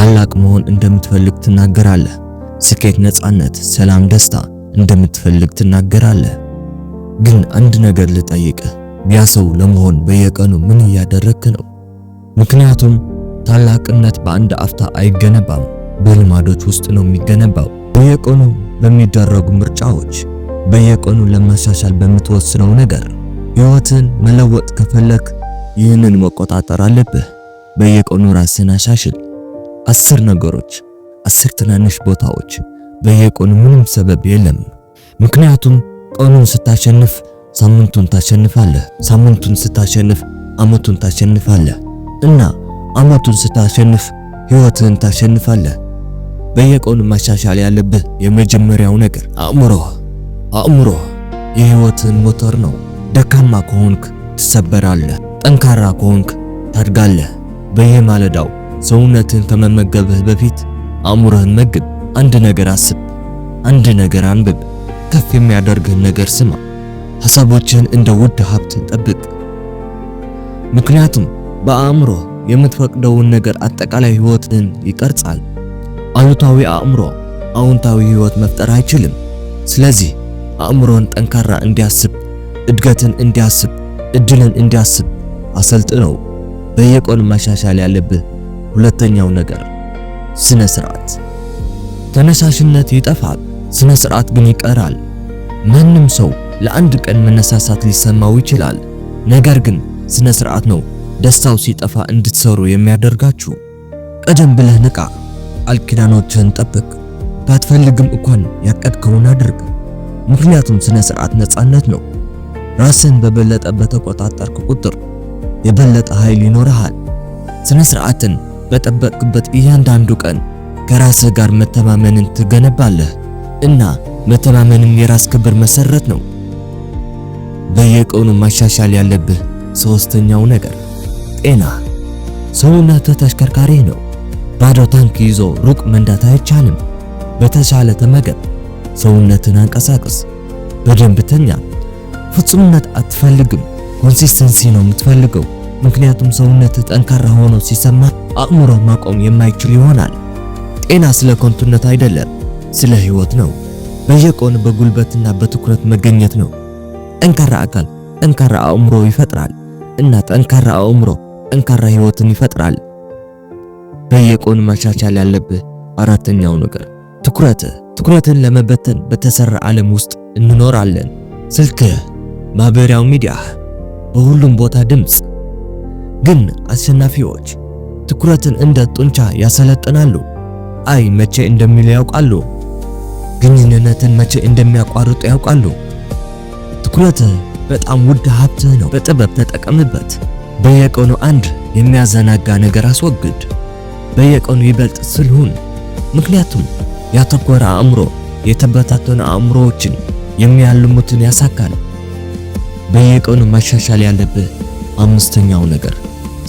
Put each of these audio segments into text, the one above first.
ታላቅ መሆን እንደምትፈልግ ትናገራለህ። ስኬት፣ ነፃነት፣ ሰላም፣ ደስታ እንደምትፈልግ ትናገራለህ። ግን አንድ ነገር ልጠይቅህ፣ ያ ሰው ለመሆን በየቀኑ ምን እያደረግክ ነው? ምክንያቱም ታላቅነት በአንድ አፍታ አይገነባም፣ በልማዶች ውስጥ ነው የሚገነባው። በየቀኑ በሚደረጉ ምርጫዎች፣ በየቀኑ ለመሻሻል በምትወስነው ነገር። ህይወትን መለወጥ ከፈለክ ይህንን መቆጣጠር አለብህ። በየቀኑ ራስን አሻሽል። አስር ነገሮች፣ አስር ትናንሽ ቦታዎች በየቀኑ ምንም ሰበብ የለም። ምክንያቱም ቀኑን ስታሸንፍ ሳምንቱን ታሸንፋለህ፣ ሳምንቱን ስታሸንፍ አመቱን ታሸንፋለህ እና አመቱን ስታሸንፍ ህይወትን ታሸንፋለህ። በየቀኑ ማሻሻል ያለብህ የመጀመሪያው ነገር አእምሮህ። አእምሮህ የህይወትን ሞተር ነው። ደካማ ከሆንክ ትሰበራለህ፣ ጠንካራ ከሆንክ ታድጋለህ። በየማለዳው ሰውነትን ከመመገብህ በፊት አእምሮህን መግብ። አንድ ነገር አስብ፣ አንድ ነገር አንብብ፣ ከፍ የሚያደርግህን ነገር ስማ። ሐሳቦችን እንደ ውድ ሀብት ጠብቅ። ምክንያቱም በአእምሮ የምትፈቅደውን ነገር አጠቃላይ ህይወትን ይቀርጻል። አሉታዊ አእምሮ አውንታዊ ህይወት መፍጠር አይችልም። ስለዚህ አእምሮን ጠንካራ እንዲያስብ፣ እድገትን እንዲያስብ፣ እድልን እንዲያስብ አሰልጥነው። በየቀኑ መሻሻል ያለብህ ሁለተኛው ነገር ስነ ስርዓት። ተነሳሽነት ይጠፋል፣ ስነ ስርዓት ግን ይቀራል። ማንም ሰው ለአንድ ቀን መነሳሳት ሊሰማው ይችላል። ነገር ግን ስነ ስርዓት ነው ደስታው ሲጠፋ እንድትሰሩ የሚያደርጋችሁ። ቀደም ብለህ ንቃ፣ አልኪዳኖችን ጠብቅ። ባትፈልግም እንኳን ያቀድከውን አድርግ። ምክንያቱም ስነ ስርዓት ነፃነት ነው። ራስን በበለጠ በተቆጣጠርክ ቁጥር የበለጠ ኃይል ይኖርሃል። ስነ ስርዓትን በጠበቅበት እያንዳንዱ ቀን ከራስ ጋር መተማመንን ትገነባለህ እና መተማመንም የራስ ክብር መሰረት ነው። በየቀኑ ማሻሻል ያለብህ ሶስተኛው ነገር ጤና። ሰውነትህ ተሽከርካሪ ነው። ባዶ ታንክ ይዞ ሩቅ መንዳት አይቻልም። በተሻለ ተመገብ፣ ሰውነትን አንቀሳቅስ፣ በደንብ ተኛ። ፍጹምነት አትፈልግም፣ ኮንሲስተንሲ ነው የምትፈልገው። ምክንያቱም ሰውነትህ ጠንካራ ሆኖ ሲሰማ አእምሮ መቆም የማይችል ይሆናል። ጤና ስለ ከንቱነት አይደለም፣ ስለ ህይወት ነው። በየቀኑ በጉልበትና በትኩረት መገኘት ነው። ጠንካራ አካል ጠንካራ አእምሮ ይፈጥራል እና ጠንካራ አእምሮ ጠንካራ ህይወትን ይፈጥራል። በየቀኑ መሻሻል ያለብህ አራተኛው ነገር ትኩረትህ ትኩረትን ለመበተን በተሰራ ዓለም ውስጥ እንኖራለን። ስልክህ፣ ማህበራዊ ሚዲያ በሁሉም ቦታ ድምፅ። ግን አሸናፊዎች ትኩረትን እንደ ጡንቻ ያሰለጥናሉ። አይ መቼ እንደሚል ያውቃሉ። ግንኙነትን መቼ እንደሚያቋርጡ ያውቃሉ። ትኩረት በጣም ውድ ሀብትህ ነው። በጥበብ ተጠቀምበት። በየቀኑ አንድ የሚያዘናጋ ነገር አስወግድ። በየቀኑ ይበልጥ ስልሁን። ምክንያቱም ያተኮረ አእምሮ የተበታተኑ አእምሮዎችን የሚያልሙትን ያሳካል። በየቀኑ መሻሻል ያለብህ አምስተኛው ነገር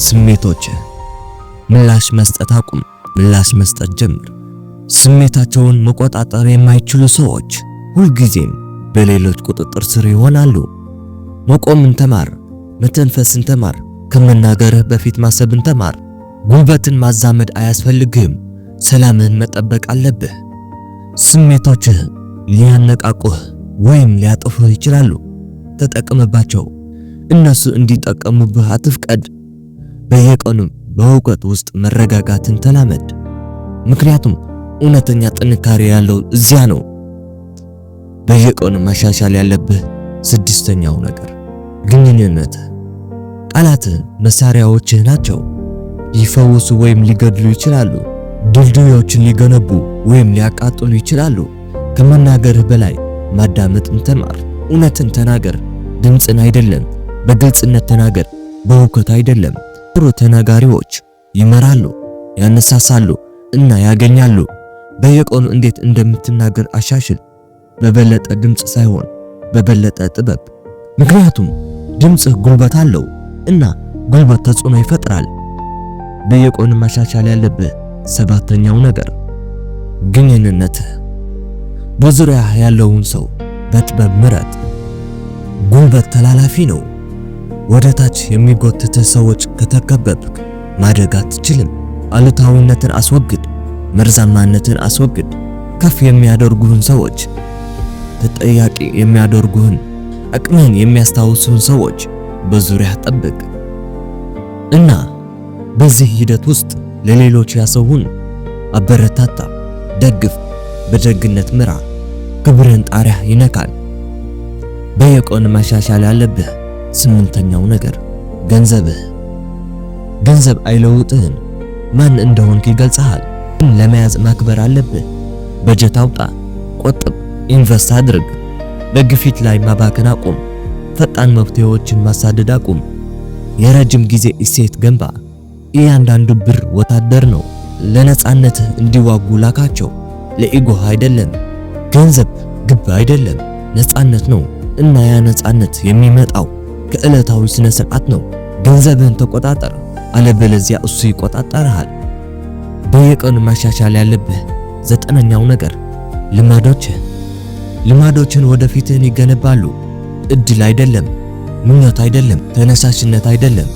ስሜቶችህ ምላሽ መስጠት አቁም፣ ምላሽ መስጠት ጀምር። ስሜታቸውን መቆጣጠር የማይችሉ ሰዎች ሁልጊዜም በሌሎች ቁጥጥር ስር ይሆናሉ። መቆምን ተማር፣ መተንፈስን ተማር፣ ከመናገርህ በፊት ማሰብን ተማር። ጉልበትን ማዛመድ አያስፈልግህም። ሰላምህን መጠበቅ አለብህ። ስሜቶችህ ሊያነቃቁህ ወይም ሊያጠፉህ ይችላሉ። ተጠቅምባቸው። እነሱ እንዲጠቀሙብህ አትፍቀድ። በየቀኑም በእውቀት ውስጥ መረጋጋትን ተላመድ። ምክንያቱም እውነተኛ ጥንካሬ ያለው እዚያ ነው። በየቀኑ ማሻሻል ያለብህ ስድስተኛው ነገር ግንኙነት። ቃላትህ መሳሪያዎችህ ናቸው። ሊፈውሱ ወይም ሊገድሉ ይችላሉ። ድልድዮችን ሊገነቡ ወይም ሊያቃጥሉ ይችላሉ። ከመናገርህ በላይ ማዳመጥን ተማር። እውነትን ተናገር፣ ድምፅን አይደለም። በግልጽነት ተናገር፣ በውከት አይደለም። ጥሩ ተናጋሪዎች ይመራሉ፣ ያነሳሳሉ እና ያገኛሉ። በየቀኑ እንዴት እንደምትናገር አሻሽል፣ በበለጠ ድምፅ ሳይሆን በበለጠ ጥበብ። ምክንያቱም ድምፅህ ጉልበት አለው እና ጉልበት ተጽዕኖ ይፈጥራል። በየቀኑ ማሻሻል ያለብህ ሰባተኛው ነገር ግንኙነትህ። በዙሪያ ያለውን ሰው በጥበብ ምረጥ። ጉልበት ተላላፊ ነው ወደ ታች የሚጎትት ሰዎች ከተከበብክ ማደግ አትችልም። አሉታዊነትን አስወግድ፣ መርዛማነትን አስወግድ። ከፍ የሚያደርጉህን ሰዎች፣ ተጠያቂ የሚያደርጉህን፣ አቅምህን የሚያስታውሱህን ሰዎች በዙሪያ ጠብቅ እና በዚህ ሂደት ውስጥ ለሌሎች ያሰውን አበረታታ፣ ደግፍ፣ በደግነት ምራ። ክብርህን ጣሪያ ይነካል። በየቀኑ መሻሻል አለብህ። ስምንተኛው ነገር ገንዘብህ። ገንዘብ አይለውጥህም። ማን እንደሆንክ ይገልጽሃል። ግን ለመያዝ ማክበር አለብህ። በጀት አውጣ፣ ቆጥብ፣ ኢንቨስት አድርግ። በግፊት ላይ ማባከን አቁም። ፈጣን መፍትሄዎችን ማሳደድ አቁም። የረጅም ጊዜ እሴት ገንባ። እያንዳንዱ ብር ወታደር ነው። ለነፃነትህ እንዲዋጉ ላካቸው፣ ለኢጎህ አይደለም። ገንዘብ ግብ አይደለም፣ ነፃነት ነው እና ያ ነፃነት የሚመጣው ከዕለታዊ ስነ ስርዓት ነው። ገንዘብህን ተቆጣጠር፣ አለበለዚያ እሱ ይቆጣጠርሃል። በየቀኑ ማሻሻል ያለብህ ዘጠነኛው ነገር ልማዶችህ። ልማዶችን ወደፊትህን ይገነባሉ። እድል አይደለም፣ ምኞት አይደለም፣ ተነሳሽነት አይደለም።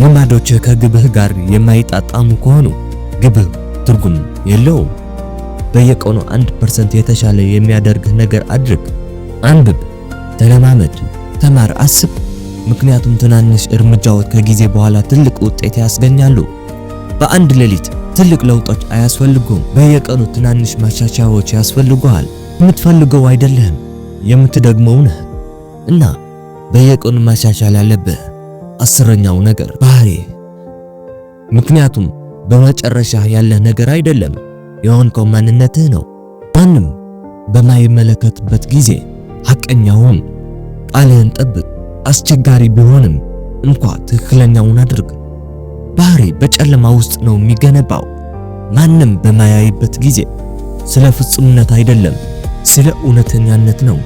ልማዶችህ ከግብህ ጋር የማይጣጣሙ ከሆኑ ግብህ ትርጉም የለውም። በየቀኑ አንድ ፐርሰንት የተሻለ የሚያደርግህ ነገር አድርግ። አንብብ፣ ተለማመድ፣ ተማር፣ አስብ። ምክንያቱም ትናንሽ እርምጃዎች ከጊዜ በኋላ ትልቅ ውጤት ያስገኛሉ። በአንድ ሌሊት ትልቅ ለውጦች አያስፈልጉም። በየቀኑ ትናንሽ ማሻሻያዎች ያስፈልጉሃል። የምትፈልገው አይደለህም፣ የምትደግመው ነህ እና በየቀኑ ማሻሻል አለብህ። አስረኛው ነገር ባህሪ፣ ምክንያቱም በመጨረሻ ያለህ ነገር አይደለም፣ የሆንከው ማንነትህ ነው። ማንም በማይመለከትበት ጊዜ ሐቀኛ ሁን፣ ቃልህን ጠብቅ አስቸጋሪ ቢሆንም እንኳ ትክክለኛውን አድርግ። ባህሪ በጨለማ ውስጥ ነው የሚገነባው። ማንም በማያይበት ጊዜ ስለ ፍጹምነት አይደለም፣ ስለ እውነተኛነት ነው።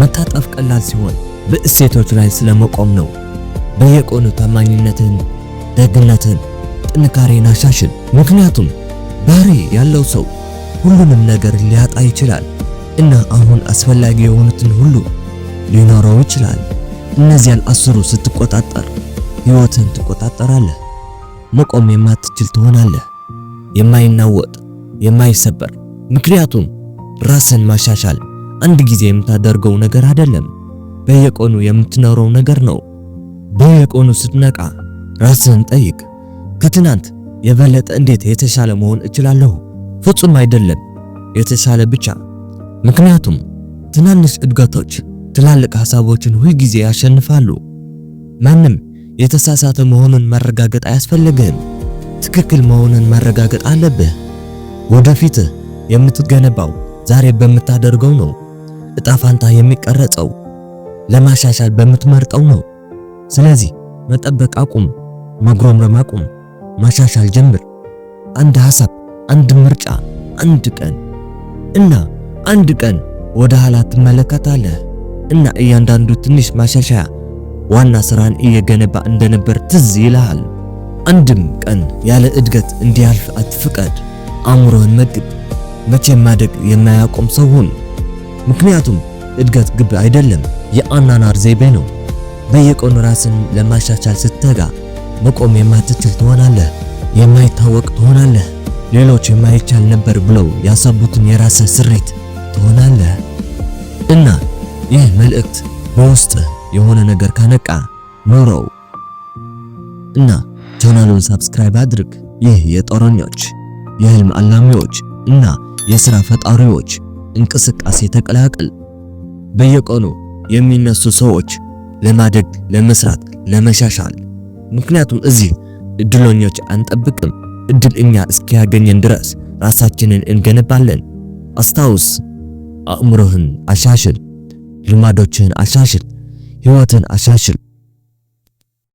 መታጠፍ ቀላል ሲሆን በእሴቶች ላይ ስለ መቆም ነው። በየቀኑ ታማኝነትን፣ ደግነትን፣ ጥንካሬን አሻሽል። ምክንያቱም ባህሪ ያለው ሰው ሁሉንም ነገር ሊያጣ ይችላል እና አሁን አስፈላጊ የሆኑትን ሁሉ ሊኖረው ይችላል። እነዚያን አስሩ ስትቆጣጠር ሕይወትን ትቆጣጠራለህ። መቆም የማትችል ትሆናለህ። የማይናወጥ የማይሰበር ምክንያቱም ራስን ማሻሻል አንድ ጊዜ የምታደርገው ነገር አይደለም። በየቀኑ የምትኖረው ነገር ነው። በየቀኑ ስትነቃ ራስን ጠይቅ፣ ከትናንት የበለጠ እንዴት የተሻለ መሆን እችላለሁ? ፍጹም አይደለም የተሻለ ብቻ። ምክንያቱም ትናንሽ እድገቶች ትላልቅ ሐሳቦችን ጊዜ ያሸንፋሉ። ማንም የተሳሳተ መሆኑን ማረጋገጥ አያስፈልግህም። ትክክል መሆኑን ማረጋገጥ አለብህ። ወደፊት የምትገነባው ዛሬ በምታደርገው ነው። እጣ ፋንታ የሚቀረጸው ለማሻሻል በምትመርጠው ነው። ስለዚህ መጠበቅ አቁም፣ መጉረምረም አቁም፣ ማሻሻል ጀምር። አንድ ሐሳብ፣ አንድ ምርጫ፣ አንድ ቀን እና አንድ ቀን ወደ ኋላ ትመለከታለህ። እና እያንዳንዱ ትንሽ ማሻሻያ ዋና ስራን እየገነባ እንደነበር ትዝ ይልሃል። አንድም ቀን ያለ እድገት እንዲያልፍ አትፍቀድ። አእምሮህን መግብ። መቼም ማደግ የማያቆም ሰው ሁን። ምክንያቱም እድገት ግብ አይደለም፣ የአኗኗር ዘይቤ ነው። በየቀኑ ራስን ለማሻሻል ስትተጋ መቆም የማትችል ትሆናለህ፣ የማይታወቅ ትሆናለህ፣ ሌሎች የማይቻል ነበር ብለው ያሰቡትን የራስህ ስሬት ትሆናለህ እና ይህ መልእክት በውስጥ የሆነ ነገር ካነቃ ኑረው እና ቻናሉን ሰብስክራይብ አድርግ። ይህ የጦረኞች የህልም አላሚዎች እና የሥራ ፈጣሪዎች እንቅስቃሴ ተቀላቀል። በየቀኑ የሚነሱ ሰዎች ለማደግ፣ ለመስራት፣ ለመሻሻል ምክንያቱም እዚህ እድለኞች አንጠብቅም። እድል እኛ እስኪያገኘን ድረስ ራሳችንን እንገነባለን። አስታውስ፣ አእምሮህን አሻሽል። ልማዶችን አሻሽል፣ ህይወትን አሻሽል።